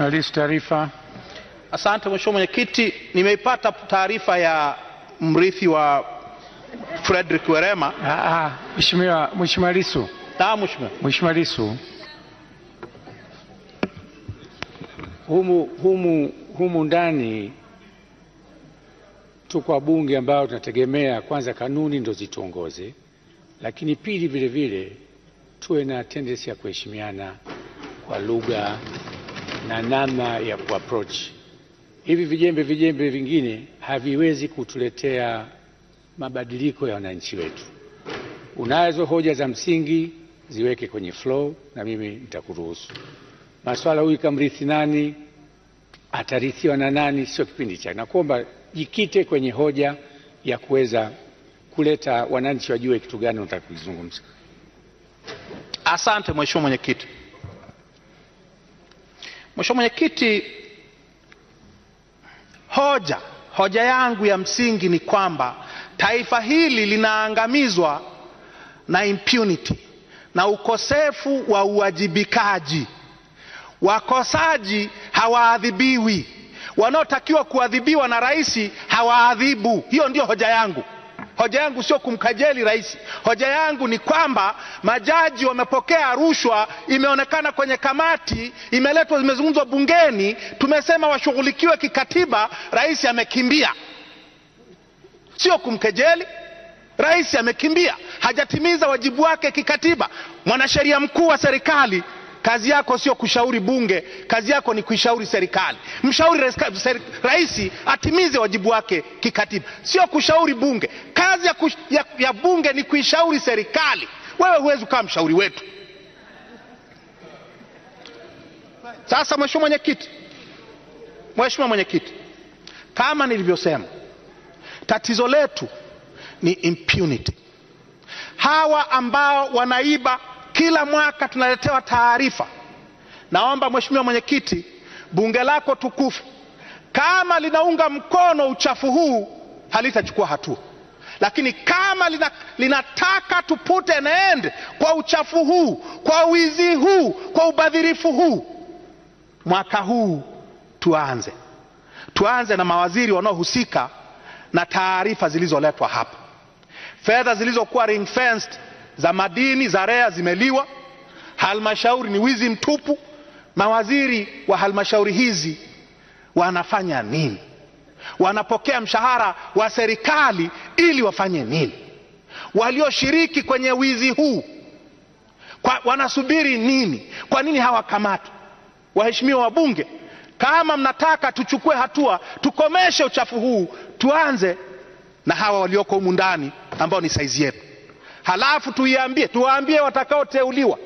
Nalisi taarifa. Asante mheshimiwa mwenyekiti, nimeipata taarifa ya mrithi wa Frederick Werema. Ah, ah, mheshimiwa Mheshimiwa Lisu. Naam mheshimiwa. Mheshimiwa Lisu. Humu, humu, humu ndani tuko bunge ambayo tunategemea kwanza kanuni ndo zituongoze, lakini pili vile vile tuwe na tendensi ya kuheshimiana kwa lugha na namna ya kuapproach hivi vijembe. Vijembe vingine haviwezi kutuletea mabadiliko ya wananchi wetu. Unazo hoja za msingi, ziweke kwenye flow na mimi nitakuruhusu. Maswala huyu kamrithi nani, atarithiwa na nani, sio kipindi cha. Nakuomba jikite kwenye hoja ya kuweza kuleta wananchi wajue kitu gani unataka kuzungumza. Asante mheshimiwa mwenyekiti. Mheshimiwa Mwenyekiti, hoja hoja yangu ya msingi ni kwamba taifa hili linaangamizwa na impunity na ukosefu wa uwajibikaji. Wakosaji hawaadhibiwi, wanaotakiwa kuadhibiwa na rais hawaadhibu. Hiyo ndio hoja yangu. Hoja yangu sio kumkajeli rais, hoja yangu ni kwamba majaji wamepokea rushwa, imeonekana kwenye kamati, imeletwa, zimezungumzwa bungeni, tumesema washughulikiwe kikatiba, rais amekimbia. Sio kumkejeli rais, amekimbia, hajatimiza wajibu wake kikatiba. Mwanasheria mkuu wa serikali Kazi yako sio kushauri bunge, kazi yako ni kuishauri serikali. Mshauri rais atimize wajibu wake kikatiba, sio kushauri bunge. Kazi ya, kush, ya, ya bunge ni kuishauri serikali. Wewe huwezi ukawa mshauri wetu. Sasa mheshimiwa mwenyekiti, mheshimiwa mwenyekiti, kama nilivyosema, tatizo letu ni impunity. Hawa ambao wanaiba kila mwaka tunaletewa taarifa. Naomba mheshimiwa mwenyekiti, bunge lako tukufu kama linaunga mkono uchafu huu halitachukua hatua, lakini kama lina, linataka tupute end kwa uchafu huu, kwa wizi huu, kwa ubadhirifu huu, mwaka huu tuanze tuanze na mawaziri wanaohusika na taarifa zilizoletwa hapa, fedha zilizokuwa ring fenced za madini za REA zimeliwa, halmashauri ni wizi mtupu. Mawaziri wa halmashauri hizi wanafanya nini? Wanapokea mshahara wa serikali ili wafanye nini? Walioshiriki kwenye wizi huu kwa, wanasubiri nini? Kwa nini hawakamatwi? Waheshimiwa wabunge, kama mnataka tuchukue hatua, tukomeshe uchafu huu, tuanze na hawa walioko humu ndani ambao ni saizi yetu halafu tuiambie, tuwaambie watakaoteuliwa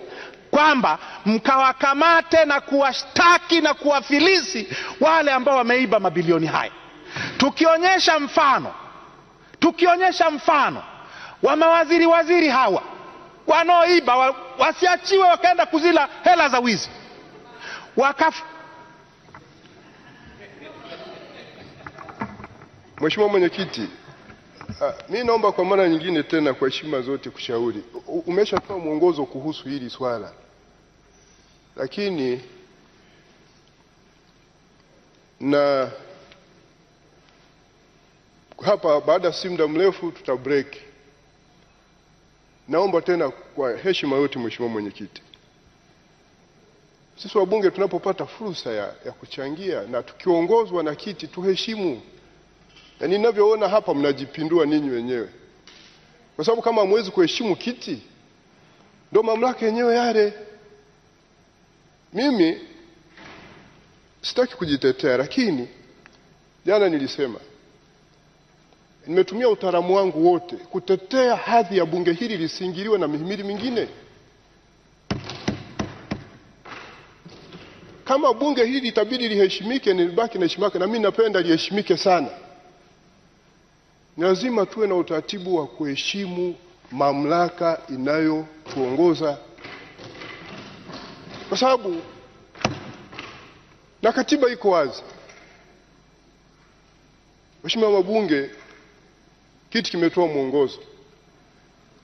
kwamba mkawakamate na kuwashtaki na kuwafilisi wale ambao wameiba mabilioni haya. Tukionyesha mfano, tukionyesha mfano wa mawaziri waziri hawa wanaoiba wa, wasiachiwe wakaenda kuzila hela za wizi wakaf... Mheshimiwa Mwenyekiti. Ah, mi naomba kwa mara nyingine tena kwa heshima zote kushauri, umeshatoa mwongozo kuhusu hili swala, lakini na hapa baada ya si muda mrefu tuta break. Naomba tena kwa heshima yote, Mheshimiwa Mwenyekiti, sisi wabunge tunapopata fursa ya, ya kuchangia na tukiongozwa na kiti tuheshimu na ninavyoona hapa mnajipindua ninyi wenyewe, kwa sababu kama hamwezi kuheshimu kiti, ndo mamlaka yenyewe yale. Mimi sitaki kujitetea, lakini jana nilisema nimetumia utaalamu wangu wote kutetea hadhi ya bunge hili lisiingiliwe na mihimili mingine. Kama bunge hili litabidi liheshimike, nilibaki na heshima yake, na mimi napenda liheshimike sana. Ni lazima tuwe na utaratibu wa kuheshimu mamlaka inayotuongoza kwa sababu na katiba iko wazi. Mheshimiwa wabunge, kiti kimetoa mwongozo,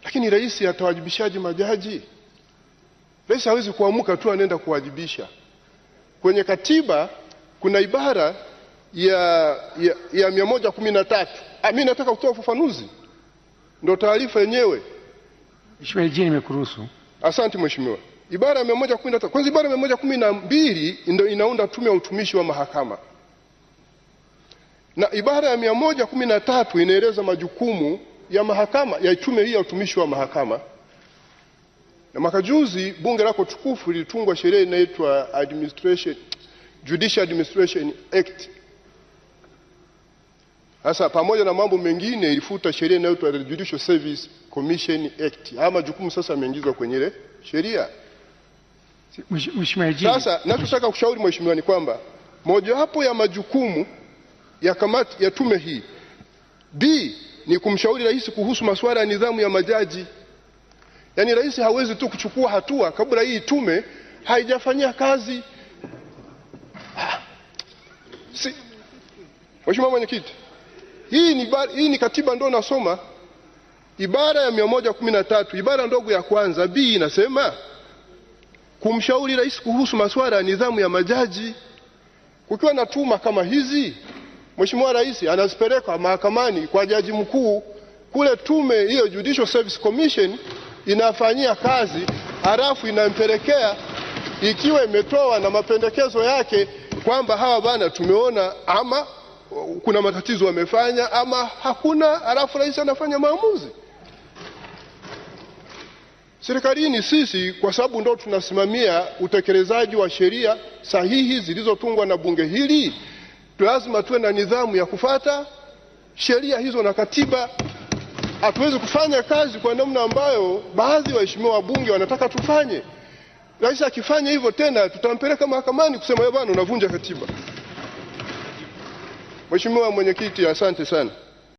lakini rais atawajibishaje majaji? Rais hawezi kuamka tu anaenda kuwajibisha. Kwenye katiba kuna ibara ya, ya, ya mia moja kumi na tatu Eh, Mi nataka kutoa ufafanuzi, ndo taarifa yenyewe. Mheshimiwa, jina nimekuruhusu. Asante mheshimiwa. Ibara ya mia moja kumi na tatu kwanza, ibara ya mia moja kumi na mbili inaunda tume ya utumishi wa mahakama na ibara ya mia moja kumi na tatu inaeleza majukumu ya mahakama ya tume hii ya utumishi wa mahakama. Na mwaka juzi bunge lako tukufu lilitungwa sheria inaitwa Administration Judicial Administration Act sasa pamoja na mambo mengine ilifuta sheria inayoitwa Judicial Service Commission Act. Haya majukumu sasa yameingizwa kwenye ile sheria. Sasa nachotaka kushauri mheshimiwa ni kwamba mojawapo ya majukumu ya kamati ya tume hii b ni kumshauri rais kuhusu masuala ya nidhamu ya majaji. Yaani rais hawezi tu kuchukua hatua kabla hii tume haijafanyia kazi. Ah, si, mheshimiwa mwenyekiti hii ni, hii ni katiba ndio nasoma ibara ya 113 ibara ndogo ya kwanza B inasema kumshauri rais kuhusu masuala ya nidhamu ya majaji. Kukiwa na tuma kama hizi, mheshimiwa rais anazipeleka mahakamani kwa jaji mkuu kule, tume hiyo Judicial Service Commission inafanyia kazi, halafu inampelekea ikiwa imetoa na mapendekezo yake kwamba hawa bana tumeona ama kuna matatizo wamefanya ama hakuna, alafu rais anafanya maamuzi serikalini. Sisi kwa sababu ndo tunasimamia utekelezaji wa sheria sahihi zilizotungwa na bunge hili, lazima tuwe na nidhamu ya kufata sheria hizo na katiba. Hatuwezi kufanya kazi kwa namna ambayo baadhi ya waheshimiwa wabunge wanataka tufanye. Rais akifanya hivyo tena, tutampeleka mahakamani kusema bwana, unavunja katiba. Mheshimiwa Mwenyekiti, asante sana.